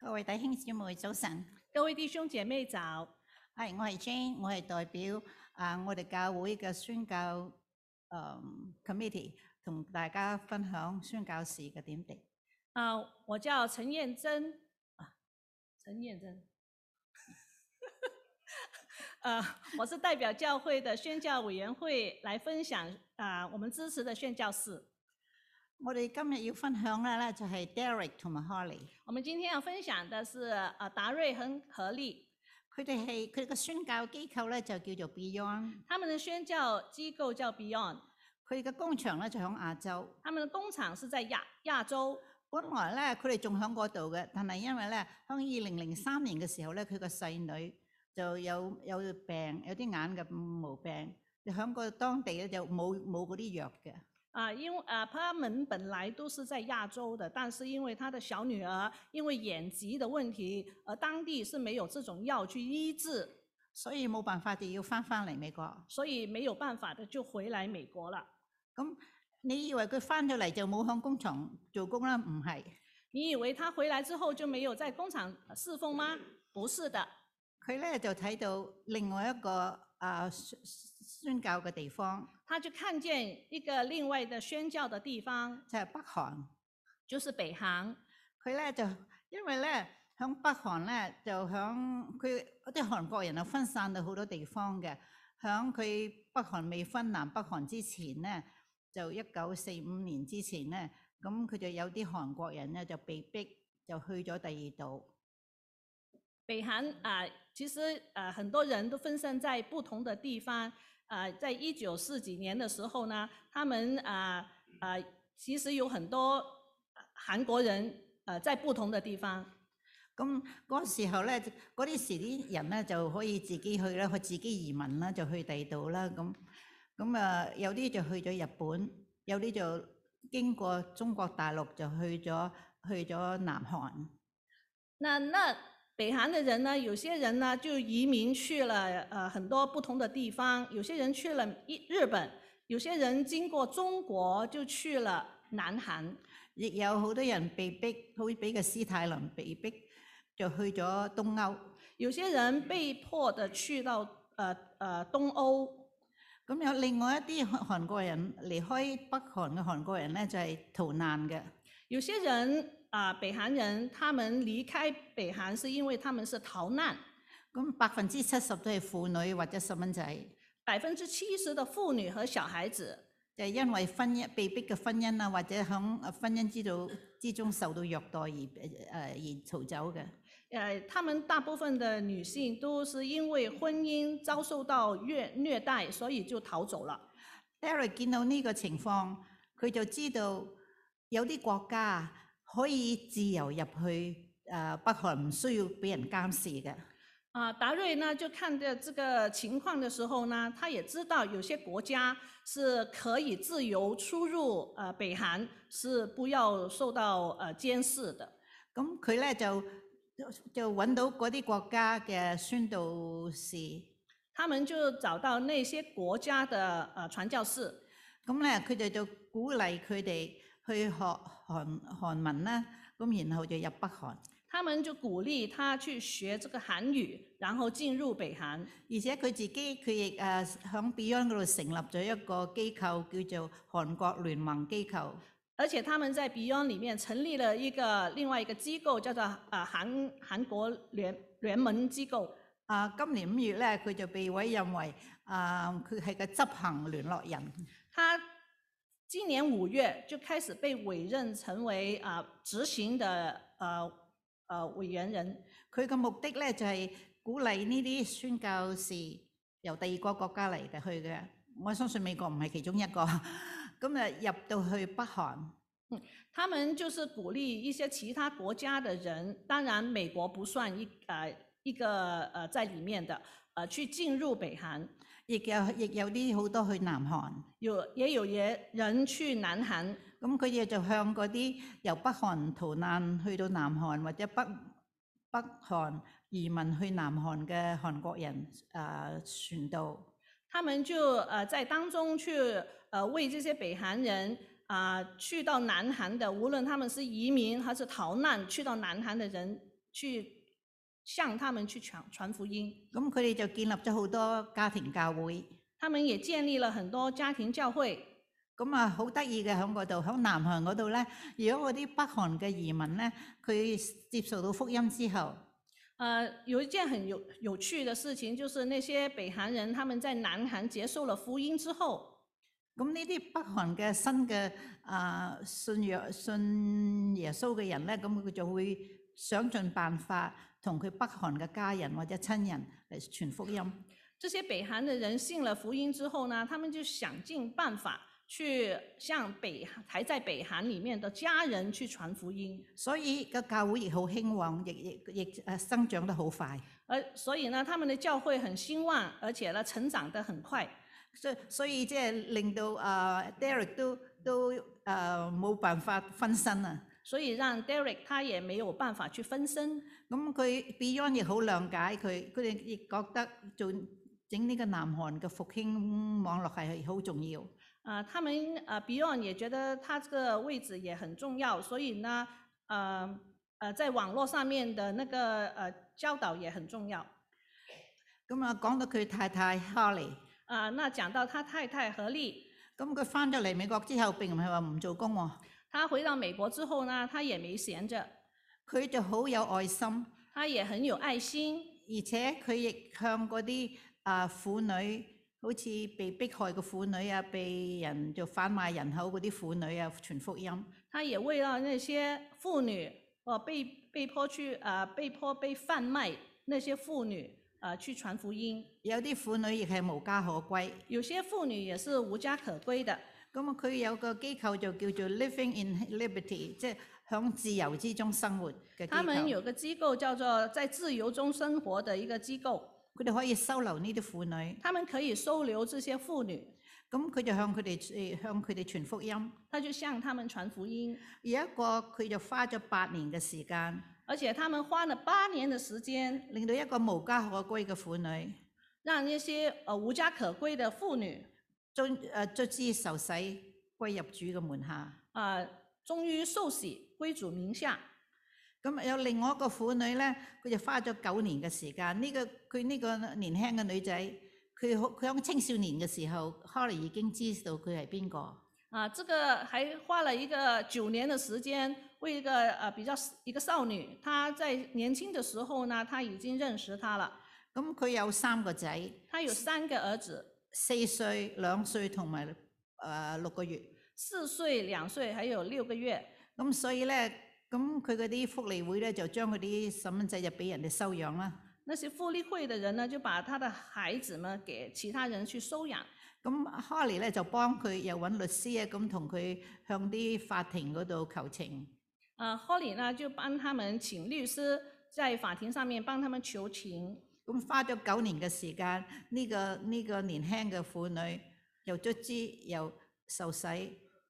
各位弟兄姊妹早晨，各位弟兄姐妹早。係，我係 Jane，我係代表啊、uh, 我哋教會嘅宣教誒、um, committee 同大家分享宣教士嘅點滴。啊，uh, 我叫陳燕珍。陳燕珍。啊， uh, 我是代表教會嘅宣教委員會來分享啊，uh, 我們支持嘅宣教士。我哋今日要分享嘅咧，就係 Derek 同埋 Holly。我們今天要分享的，是，啊達瑞和何莉，佢哋係佢哋嘅宣教機構咧，就叫做 Beyond。他們的宣教機構叫 Beyond，佢哋嘅工場咧就響亞洲。他們的工廠是在亞亞洲，本來咧佢哋仲響嗰度嘅，但係因為咧響二零零三年嘅時候咧，佢個細女就有有病，有啲眼嘅毛病，就響個當地咧就冇冇嗰啲藥嘅。啊，因為啊，他們本來都是在亞洲的，但是因為他的小女兒因為眼疾的問題，而、啊、當地是沒有這種藥去醫治，所以冇辦法的要翻翻嚟美國，所以沒有辦法的就回來美國了。咁你以為佢翻咗嚟就冇向工廠做工啦？唔係，你以為他回來之後就沒有在工廠侍奉嗎？不是的，佢呢就睇到另外一個。啊，宣宣教嘅地方，他就看見一個另外嘅宣教嘅地方，就係北韓，就是北韓，佢咧就，呢就因為咧響北韓咧就響佢啲韓國人啊分散到好多地方嘅，響佢北韓未分南北韓之前咧，就一九四五年之前咧，咁佢就有啲韓國人咧就被逼就去咗第二度。北韓啊、呃，其實啊、呃，很多人都分散在不同的地方。啊、呃，在一九四幾年的時候呢，他們啊啊、呃呃，其實有很多韓國人啊、呃，在不同的地方。咁嗰、那個、時候咧，嗰啲時啲人咧就可以自己去啦，去自己移民啦，就去第度啦。咁咁啊，有啲就去咗日本，有啲就經過中國大陸就去咗去咗南韓。那那。北韓嘅人呢，有些人呢就移民去了，呃，很多不同的地方。有些人去了日本，有些人經過中國就去了南韓。亦有好多人被逼，好似俾個史太林被逼，就去咗東歐。有些人被迫的去到，呃呃東歐。咁有另外一啲韓國人離開北韓嘅韓國人咧，就係、是、逃難嘅。有些人。啊、呃！北韓人，他們離開北韓是因為他們是逃難。咁百分之七十都係婦女或者細蚊仔。百分之七十的婦女和小孩子，就因為婚姻被逼嘅婚姻啊，或者響婚姻之路之中受到虐待而誒、呃、而逃走嘅。誒、呃，他們大部分的女性都是因為婚姻遭受到虐虐待，所以就逃走了。Derek 見到呢個情況，佢就知道有啲國家。可以自由入去誒北韓，唔需要俾人監視嘅。啊，達瑞呢就看着這個情況嘅時候呢，他也知道有些國家是可以自由出入，誒北韓是不要受到誒監視的。咁佢咧就就揾到嗰啲國家嘅宣道士，他們就找到那些國家嘅誒傳教士，咁咧佢哋就鼓勵佢哋去學。韓韓文咧，咁然後就入北韓。他們就鼓勵他去學這個韓語，然後進入北韓。而且佢自己佢亦誒喺 Beyond 嗰度成立咗一個機構，叫做韓國聯盟機構。而且他們在 Beyond 裡面成立了一個另外一個機構，叫做啊韓韓國聯聯盟機構。啊，今年五月咧，佢就被委任為啊佢係個執行聯絡人。他。今年五月就開始被委任成為啊執行的呃呃委員人，佢嘅目的咧就係鼓勵呢啲宣教士由第二個國家嚟嘅去嘅，我相信美國唔係其中一個，咁啊入到去北韓，嗯，他們就是鼓勵一些其他國家嘅人，當然美國不算一啊一個呃在裏面的，呃去進入北韓。亦有亦有啲好多去南韓，要也有嘢人去南韓，咁佢哋就向嗰啲由北韓逃難去到南韓或者北北韓移民去南韓嘅韓國人誒、呃、傳道。他們就誒、呃、在當中去誒、呃、為這些北韓人啊、呃、去到南韓的，無論他們是移民還是逃難去到南韓的人去。向他們去傳傳福音，咁佢哋就建立咗好多家庭教會。他們也建立了很多家庭教會。咁啊，好得意嘅喺嗰度，喺南韓嗰度咧，如果嗰啲北韓嘅移民咧，佢接受到福音之後，誒、呃、有一件很有有趣嘅事情，就是那些北韓人，他們在南韓接受了福音之後，咁呢啲北韓嘅新嘅啊信約信耶穌嘅人咧，咁佢就會想盡辦法。同佢北韓嘅家人或者親人嚟傳福音。這些北韓嘅人信了福音之後呢，他們就想盡辦法去向北，還在北韓裡面的家人去傳福音。所以個教會亦好興旺，亦亦亦誒生長得好快。而所以呢，他們的教會很興旺，而且呢，成長得很快。所以所以即係令到啊，uh, Derek 都都誒冇，uh, 辦法分身啊。所以讓 Derek 他也沒有辦法去分身，咁佢 Beyond 亦好諒解佢，佢哋亦覺得做整呢個南韓嘅復興網絡係好重要。啊，他們啊 Beyond 也覺得他這個位置也很重要，所以呢，呃呃，在網絡上面的那個呃教導也很重要。咁啊，講到佢太太 Holly，啊，那講到他太太何莉，咁佢翻咗嚟美國之後並唔係話唔做工喎，啊。他回到美國之後呢，他也沒閒着。佢就好有愛心，他也很有愛心，而且佢亦向嗰啲啊婦女，好似被迫害嘅婦女啊，被人就販賣人口嗰啲婦女啊，傳福音。他也為了那些婦女，哦、呃，被被迫去啊、呃，被迫被販賣那些婦女啊、呃，去傳福音。有啲婦女亦係無家可歸，有些婦女也是無家可歸的。咁啊，佢有個機構就叫做 Living in Liberty，即係喺自由之中生活嘅機構。佢哋有個機構叫做在自由中生活嘅一個機構，佢哋可以收留呢啲婦女。佢哋可以收留這些婦女。咁佢就向佢哋誒向佢哋傳福音。他就向他們傳福音。有一個佢就花咗八年嘅時間，而且他們花了八年嘅時間，令到一個無家可歸嘅婦女，讓一些誒無家可歸嘅婦女。終誒，最終受洗，歸入主嘅門下。啊、呃，終於受洗歸主名下。咁有另外一個婦女咧，佢就花咗九年嘅時間。呢、這個佢呢個年輕嘅女仔，佢響青少年嘅時候，可能已經知道佢係邊個。啊、呃，這個還花了一個九年嘅時間，為一個誒、呃、比較一個少女，她在年輕嘅時候呢，她已經認識她啦。咁佢有三個仔。他有三個兒子。四歲、兩歲同埋六個月，四歲、兩歲，還有六個月。咁所以咧，咁佢嗰啲福利會咧，就將嗰啲細蚊仔就俾人哋收養啦。那些福利會的人呢，就把他的孩子呢，給其他人去收養。咁 Holly 咧就幫佢，又揾律師啊，咁同佢向啲法庭嗰度求情。啊、uh, Holly 呢就幫他們請律師，在法庭上面幫他們求情。咁花咗九年嘅時間，呢個呢個年輕嘅婦女又卒之又受洗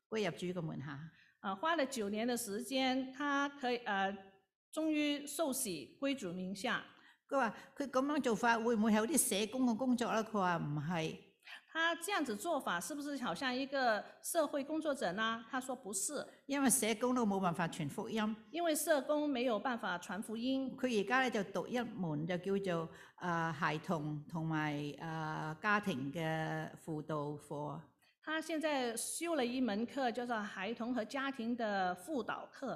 歸入主嘅門下。啊，花了九年嘅時間，佢、這個這個、可以啊，呃、終於受洗歸主名下。佢話，佢咁樣做法會唔會有啲社工嘅工作咧？佢話唔係。他這樣子做法是不是好像一個社會工作者呢？他說不是，因為社工都冇辦法傳福音。因為社工沒有辦法傳福音。佢而家咧就讀一門就叫做啊兒童同埋啊家庭嘅輔導課。他現在修了一門課，叫做《孩童和家庭的輔導課》，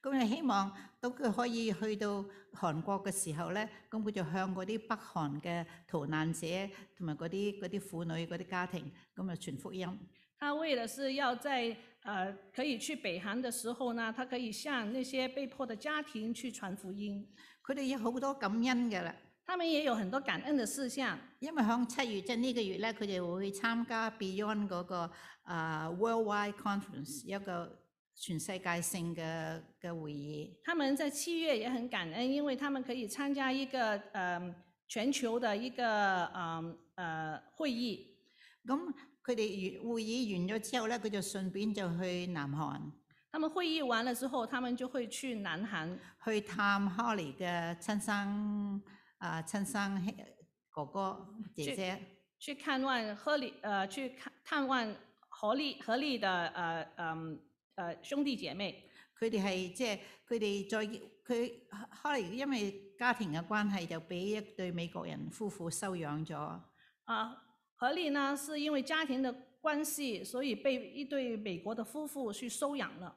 咁佢希望都佢可以去到韓國嘅時候咧，咁佢就向嗰啲北韓嘅逃難者同埋嗰啲嗰啲婦女嗰啲家庭，咁啊傳福音。他為了是要在，啊、呃，可以去北韓嘅時候呢，他可以向那些被迫的家庭去傳福音，佢哋有好多感恩噶啦。他們也有很多感恩的事項，因為響七月即係呢個月咧，佢哋會去參加 Beyond 嗰個啊 Worldwide Conference 一個全世界性嘅嘅會議。他們在七月也很感恩，因為他們可以參加一個誒全球的一個誒誒會議。咁佢哋完會議完咗之後咧，佢就順便就去南韓。他們會議完了之後，他們就會去南韓去探 Holly 嘅親生。啊，親生哥哥姐姐去探望何利，呃，去探探望何利何利的，呃，嗯，呃，兄弟姐妹，佢哋係即係佢哋再，佢可能因為家庭嘅關係，就俾一對美國人夫婦收養咗。啊，何利呢，係因為家庭嘅關係，所以被一對美國嘅夫婦去收養咗。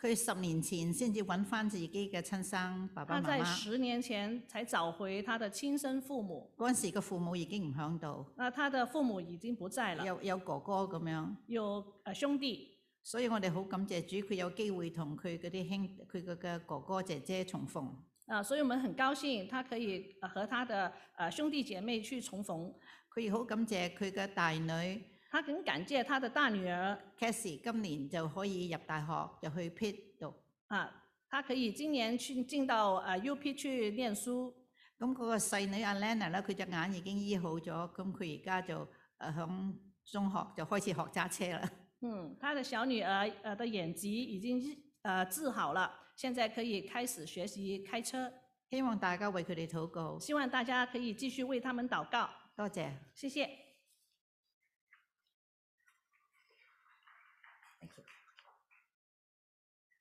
佢十年前先至搵翻自己嘅親生爸爸媽媽。他在十年前才找回他的親生父母。嗰時個父母已經唔喺度。啊，他的父母已經不在啦。有有哥哥咁樣。有誒兄弟。所以我哋好感謝主，佢有機會同佢嗰啲兄佢嗰個哥哥姐姐重逢。啊，所以我們很高興，他可以和他的兄弟姐妹去重逢。佢亦好感謝佢嘅大女。他很感謝他的大女兒 Cassie，今年就可以入大學就去 PIT 讀，啊，他可以今年去進到啊、呃、UP 去念書。咁嗰個細女 Alana 咧，佢隻眼已經醫好咗，咁佢而家就誒響中學就開始學揸車啦。嗯，他、那、的、個、小女兒誒、啊、的眼睛已經誒、呃嗯呃呃、治好了，現在可以開始學習開車。希望大家為佢哋禱告，希望大家可以繼續為他們禱告。多謝，謝謝。